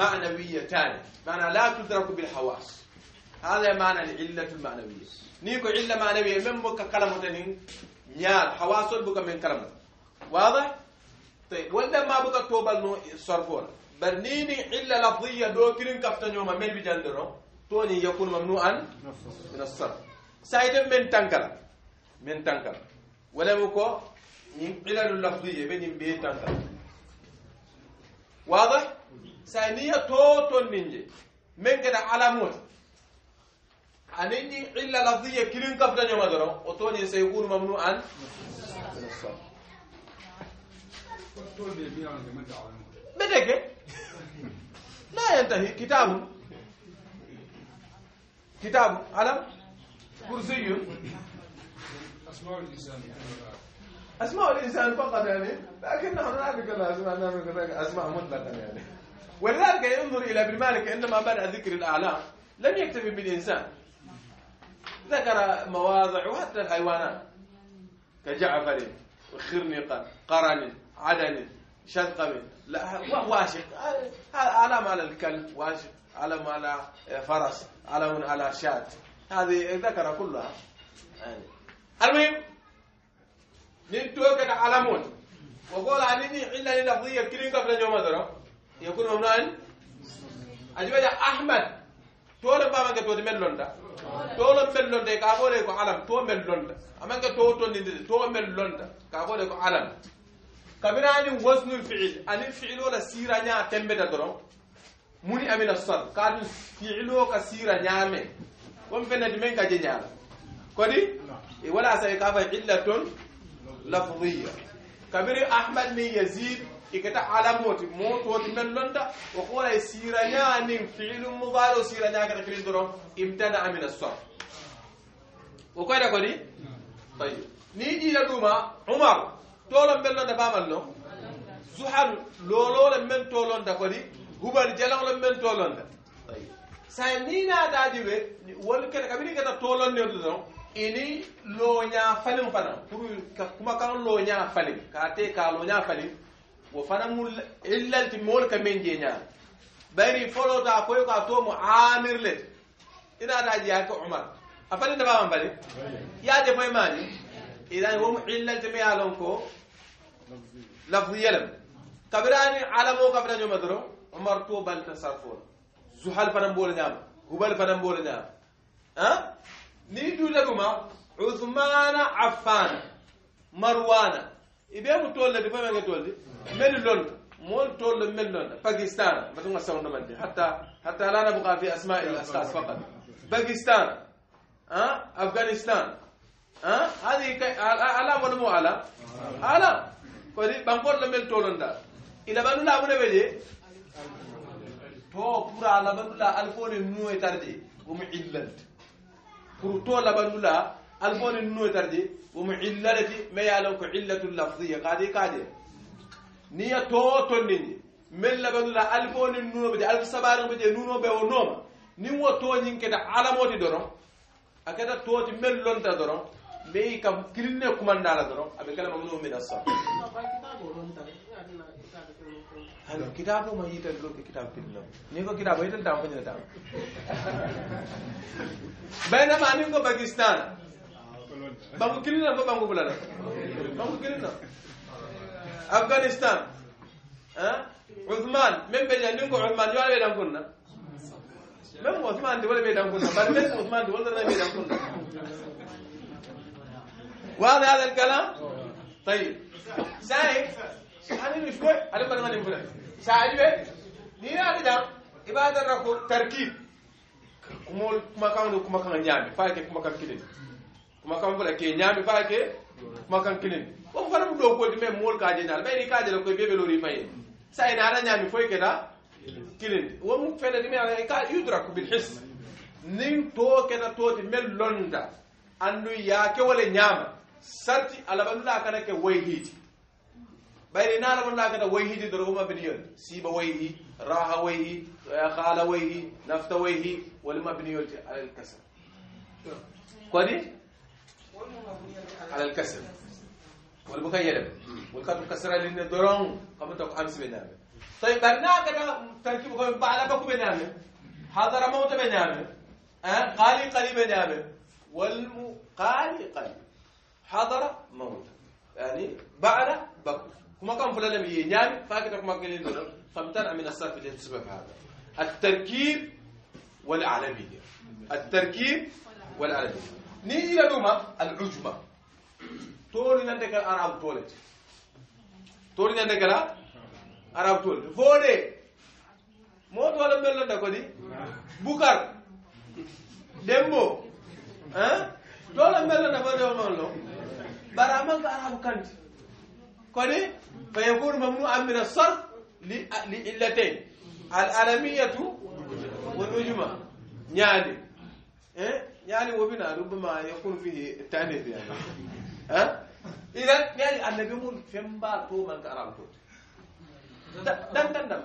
معنويتان معنى لا تدرك بالحواس هذا معنى العلة المعنوية نيكو علة معنوية من بك كلمة نيال حواس بك من كلمة واضح؟ طيب ولا ما بك توبة صرفون برنيني علة لفظية دو كرين كفتن يوم من بجندرو توني يكون ممنوعا من الصرف سايدن من تنكلم من تنكر ولم يكو علل اللفظية بين بي تنكر واضح سانية توتون نينجي من كده علامات دي إلا لفظية كلين كفدا نيوما درو وتوني سيكون ممنوعا بدك لا ينتهي كتاب كتاب علم كرسي أسماء الإنسان أسماء الإنسان فقط يعني لكنهم لا نقول أسماء أسماء مطلقا يعني ولذلك ينظر إلى ابن مالك عندما بدأ ذكر الأعلام لم يكتفي بالإنسان ذكر مواضع وحتى الحيوانات كجعفر وخرنقة قرن عدن شذقم لا واشق علم على الكلب واشق علم على فرس علم على شاة هذه ذكر كلها يعني المهم نتوكا تعلمون وقول عنني علة لفظية كلين قبل يوم ذرا يكون هنا أجيب أحمد تولم بابا كتوت من لوندا تولم من لوندا كابول يكو علم تو من لوندا أما كتوت نيند تو من لوندا كابول يكو علم كبيرة عن وزن الفعل عن الفعل ولا سيرة نيا تنبدا درو muni amina sar kaadu fi'ilo ka sira ñaame won fenati men ka je إيه، ولا سيكافة إلا لفظية كبير أحمد من يزيد إكتا على موت موت وات من لندا وقول سيرانيا نيم فعل مضارع سيرانيا كده كلين دروم امتنع من الصرف وقول لك ودي طيب نيجي لدوما عمر تولم من لندا بامل لهم زحل لولو من تولون دا كودي غبر جلون من تولون دا طيب سنينا دادي وي ولكن كبير كده تولون دا دروم ini loña falin fana pour ka kuma kan loña falin ka te ka loña falin wo fana illa ti mol ka men je nya bari folo ta ko ka to mu amir le ina da ji ka umar a afalin da ba man bari ya je mai mani idan wo mu ti me alon ko lafzi yalam kabirani alamo kabira jo madro umar to bal tasafur zuhal fana bol nyam hubal fana bol nyam ha نيدو duuta عثمان عفان مروان marwana ibe mu tolle di famenga toldi meli lonta مول تول مل لون باكستان ما تنقص سوون مدي حتى حتى لا نبقى في اسماء الاشخاص فقط باكستان ها افغانستان ها هذه على ولا مو على على كودي بانكور لمن تولون دا الى بانو لا بن بيجي تو بورا لا بانو لا الفون نو تاردي ومعلت كرتو بنولا البون النو تردي ومعللتي ما يعلمك علة لفظية قادي قادي نية توتو نيني من لبنولا البون النو بدي ألف سبارة بدي نونو بيو نوم نيو نين كده علامات درون أكده توتي من لونتا درون بي كم كلنا كمان دارا دورو أبي كلام منو من الصف Hello, kita mo mahita lo ke kita tinlo. Ni ko kita bahita tao pa tao. Ben na mani ko Pakistan. Bangu kini na ko bangu bulala. Bangu kini na. Afghanistan. Ha? Uthman, men be jandu ko Uthman yo ale dan kunna. Men Uthman de wala be dan kunna. Ban men Uthman de wala be dan kunna. واضح هذا الكلام؟ طيب. سعيد ani ni ko ala bana ni bula sa alibe ni na ni da ibada rako tarkib kuma kuma kan ni kuma kan nyaami fa ke kuma kan kilin kuma kan bula ke nyaami fa ke kuma kan kilin o fa ram do ko di me mol ka dina be ni ka dina ko bebe lori maye sa ina ala nyaami fo ke da kilin wo mu fe na di me ala ka yudra ku bil his ni to ke na to di mel londa andu ya ke wala nyaama sarti alabandula kana ke wayhiti بين نار من لاكن ويهي تدرهما بنيون سيب ويهي راها ويهي خالة ويهي نفت ويهي ولما بنيون على الكسر كودي على الكسر والمكيلة والكتب كسر لين درون قبل تقول أمس بنام طيب بين نار تركيب قوي بعلا بكو بنام هذا رموت بنام قالي قلي بنام والمقالي قلي حضر موت يعني بعلا بكو كما كان فلان ينام فاكر كما قال لي فامتنع من الصرف لسبب هذا التركيب والعلمية التركيب والعلمية نيجي لما العجمة تولي نندك العرب تولت تولي نندك العرب تولت مو موت ولا ملا نكودي بكر دمبو ها أه؟ دولا ملا نفر يوم الله برامك العرب كنت كوني فيكون ممنوعا من الصرف لعلتين العالمية والنجمة يعني إيه؟ يعني وبنا ربما يكون فيه التانيث يعني ها إذا يعني النبي مول فين با تو من تو دم دم دم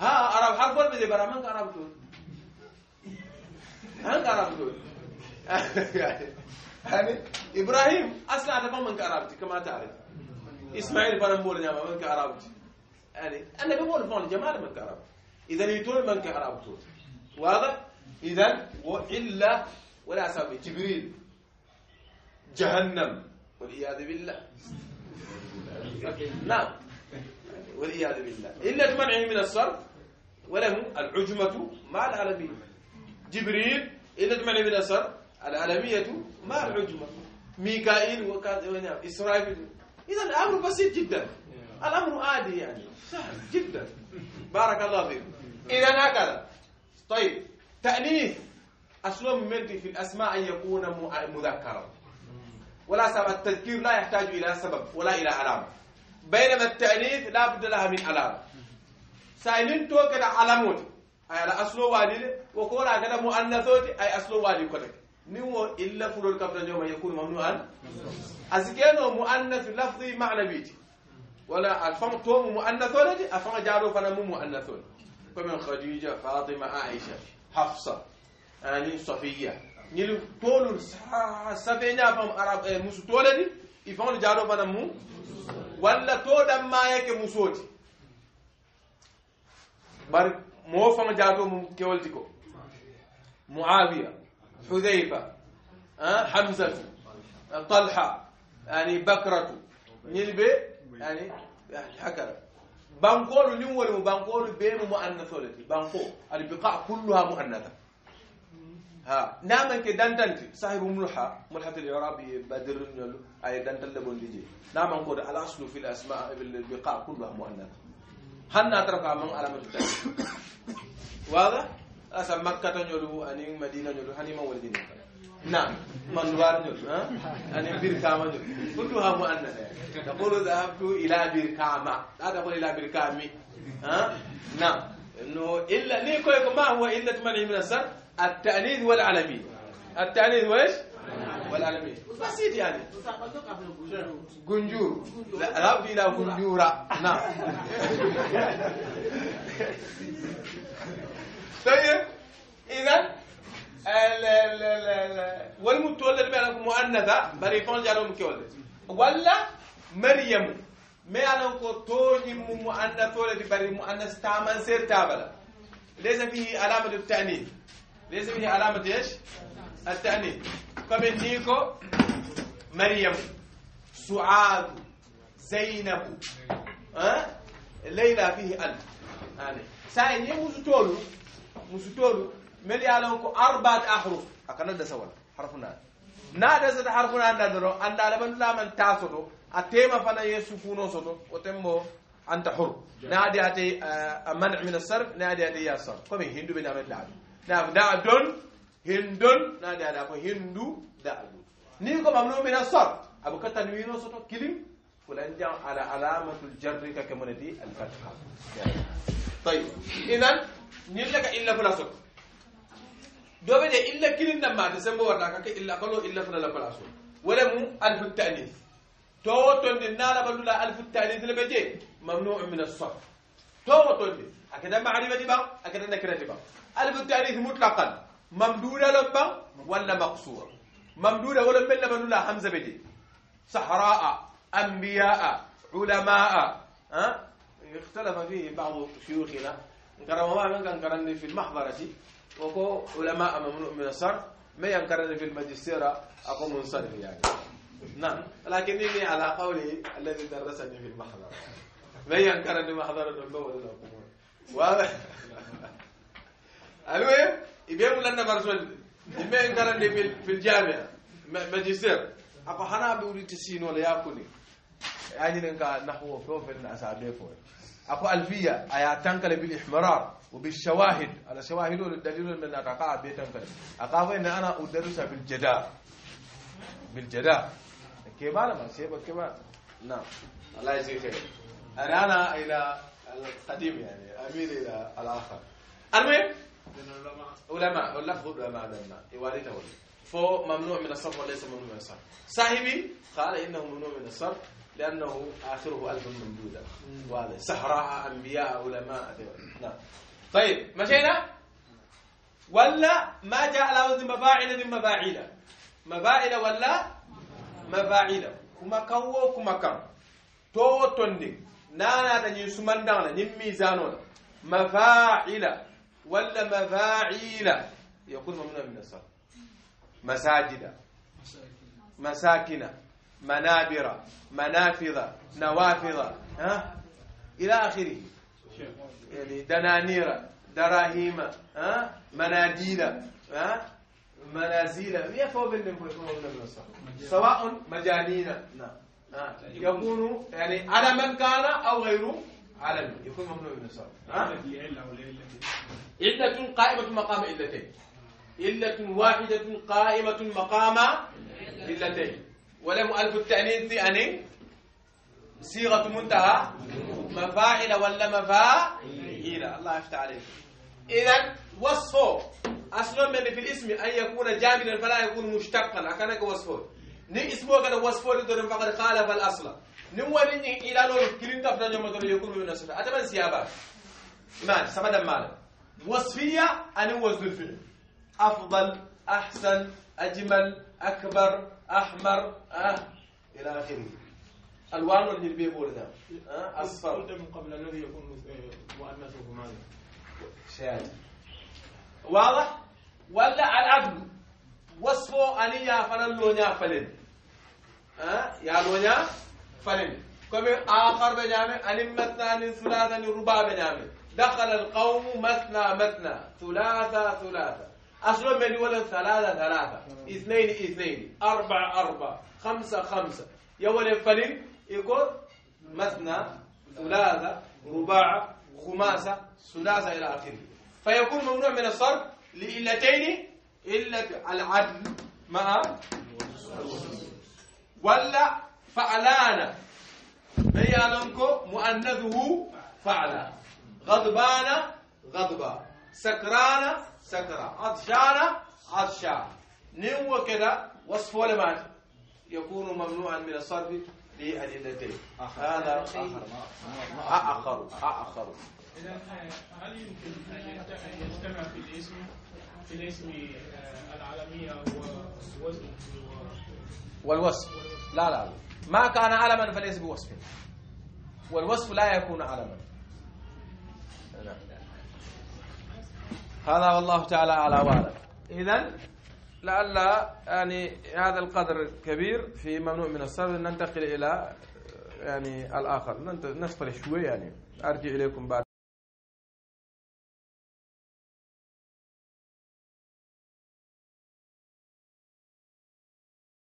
ها أراب حرف ولا بدي برا من كرامته هن تو يعني ابراهيم اصلا هذا من كعربتي كما تعرف اسماعيل مول نعم من كعربتي يعني انا بقول فون جمال من كعربتي اذا يتول من كعربتو واضح اذا والا ولا سبب جبريل جهنم والعياذ بالله نعم والعياذ بالله إلا تمنعه من الصرف وله العجمة مع العالمين جبريل إلا تمنعه من الصرف العالمية ما العجمة ميكائيل وكذا إسرائيل إذا الأمر بسيط جدا الأمر عادي يعني سهل جدا بارك الله فيك إذا هكذا طيب تأنيث أسلوب ملكي في الأسماء أن يكون مذكرا ولا سبب التذكير لا يحتاج إلى سبب ولا إلى علامة بينما التأنيث لا بد لها من علامة سايلين تو كده علامات أي أسلوب وادي وكورا كده مؤنثات أي أسلوب وادي كده نو إلا فلو كبر اليوم يكون ممنوعا أزكينا مؤنث لفظي معنى بيتي ولا أفهم توم مؤنث ولا دي أفهم جارو فنا مو مؤنث فمن خديجة فاطمة عائشة حفصة يعني صفية نيلو تولو سفينيا أراب عرب إيه، مسو دي يفهم جارو فنا مو ولا تودا ما يك موسوتي بار مو فهم جارو مو كولتي معاوية حذيفة حمزة طلحة يعني بكرة نلبي يعني حكرة بانقول نول بانقول بين مؤنثولتي بانقول البقاع كلها مؤنثة ها نعم كي دانتنت صاحب ملحة ملحة العربية بدر نلو أي دانتن لبون ديجي نعم كود الأصل في الأسماء البقاع كلها مؤنثة هل نترك من علامة التأكيد واضح؟ asa makkata ñolu anin madina ñolu hani ma wolidini نعم منوار نول ها أنا بيركاما نول كلها مؤنثة تقول ذهبت إلى بيركاما لا تقول إلى بيركامي ها نعم إنه إلا ليكو ما هو إلا منع من السر التأنيث والعلمي التأنيث وإيش؟ والعلمي بسيط يعني جنجور ذهبت إلى جنجورة نعم muannatha bari ton jarom kewle walla maryamu me alan ko toñim mu muannathole ti bari muannas taman ser tabala laysa fihi alamatu ta'nith laysa fihi alamatu ايش التأنيث كمن نيكو مريم سعاد زينب أه؟ ليلى فيه ألف آه. ساين يمسطول مسطول ملي على أربعة أحرف أكنا دسوال حرفنا na da sa har kuna anda doro anda da ban la man taso do atema fana yesu funo soto otemmo anta hur na da ate man min asarf na da ate yasar ko min hindu be na man laadu na da don hindon na da da ko hindu da alu ni ko mamnu min asarf abu ka tanwino soto kilim fulan jam ala alamatul jarri ka kamunati al fatha طيب اذا نيلك الا فلا سكر دوبي دي إلا كلين نما تسمو ورنا كاك إلا قلو إلا فنا ولا مو ألف التأنيث تو توندي نالا بلولا ألف التأنيث لبجي ممنوع من الصرف تو توندي هكذا معرفة دي بقى هكذا نكرة دي بقى ألف التأنيث مطلقا ممدودة لبا ولا مقصور ممدودة ولا من بلولا حمزه بجي صحراء أنبياء علماء ها اختلف فيه بعض شيوخنا كرم من كان في المحضرة شيء وكو علماء ممنوع من الصرف ما ينكرن في الماجستير أقوم منصرف يعني نعم لكنني على قولي الذي درسني في المحضر ما ينكرن محضر النبوة ولا القبور واضح المهم يبيعوا لنا برسول ما ينكرن في الجامعة ماجستير أكو حنا بيولي تسين ولا ياكلني يعني نكا نحو فوفن أسابيع فوق أكو ألفية أيا تنكر بالإحمرار وبالشواهد على شواهد الدليل من أقاعد بيتنفذ أقاعد إن أنا أدرس بالجداء كيف أنا ما كيف أنا نعم الله يجزيك خير أنا أنا إلى القديم يعني أميل إلى الآخر المهم علماء ولا علماء علماء يوالي تولي فهو ممنوع من الصرف وليس ممنوع من الصرف صاحبي قال إنه ممنوع من الصرف لأنه آخره ألف ممدودة وهذا سحراء أنبياء علماء نعم طيب مشينا ولا ما جاء على وزن مفاعل من مفاعيل مفاعل ولا مفاعيل كما كو كما كم تو توندي نانا تني سمندان ني ميزانون مفاعل ولا مفاعيل يكون ممنوع من الصرف مساجد مساكن منابر منافذ نوافذ ها الى اخره يعني دنانير دراهم ها مناديل ها فوق مية فوبل سواء مجانين نعم يكون يعني على من كان أو غيره علم يكون ممنوع من الصرف علة قائمة مقام علتين علة واحدة قائمة مقام علتين ولا مؤلف التأنيث أني صيغة منتهى مفاعل ولا مفاعل هيلة الله يفتح عليك إذا وصفه أصلا من في الاسم أن يكون جامدا فلا يكون مشتقا أكانك وصفه ني اسمه كده وصفه لدور فقد خالف الأصل نوريني إلى لو كلين تفنى يوم دور يكون من الصفة أتمنى سيابا إيمان سمدا مال وصفية أن وزن الفعل أفضل أحسن أجمل أكبر أحمر أه إلى آخره الوان اللي البي بولنا اصفر قلت من قبل الذي يكون آه، مؤنثه ماذا؟ شاذ واضح؟ ولا العدل وصفه اني يا فلان لونيا فلن ها يا لونيا فلن كم اخر بنيامي ان مثنى ثلاثا ربع بنيامي دخل القوم مثنى مثنى ثلاثة ثلاثة أصلا من ولا ثلاثة ثلاثة اثنين اثنين أربعة أربعة خمسة خمسة يا فلن يقول مثنى ثلاثة رباعة خماسة ثلاثة إلى آخره فيكون ممنوع من الصرف لإلتين إلا العدل مع ولا فعلان هي لنكو مؤنثه فعلا غضبان غضبا سكران سكرا عطشان عطشا نو كذا وصف ولمان يكون ممنوعا من الصرف لأدلتين هذا أخر أخر اذا آه، هل يمكن أن يجتمع في الاسم في الاسم آه، العالمية والوزن والوصف لا لا ما كان علما فليس بوصف والوصف لا يكون علما نعم. هذا والله تعالى على وعلم إذا لعلها يعني هذا القدر كبير في ممنوع من الصرف ننتقل إلى يعني الآخر نصفر شوي يعني أرجع إليكم
بعد